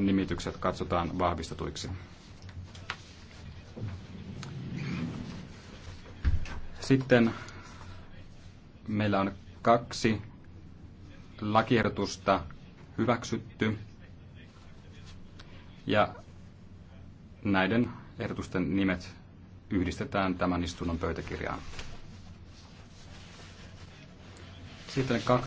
nimitykset katsotaan vahvistetuiksi. Sitten meillä on kaksi lakiehdotusta hyväksytty. Ja näiden ehdotusten nimet yhdistetään tämän istunnon pöytäkirjaan. Sitten kaksi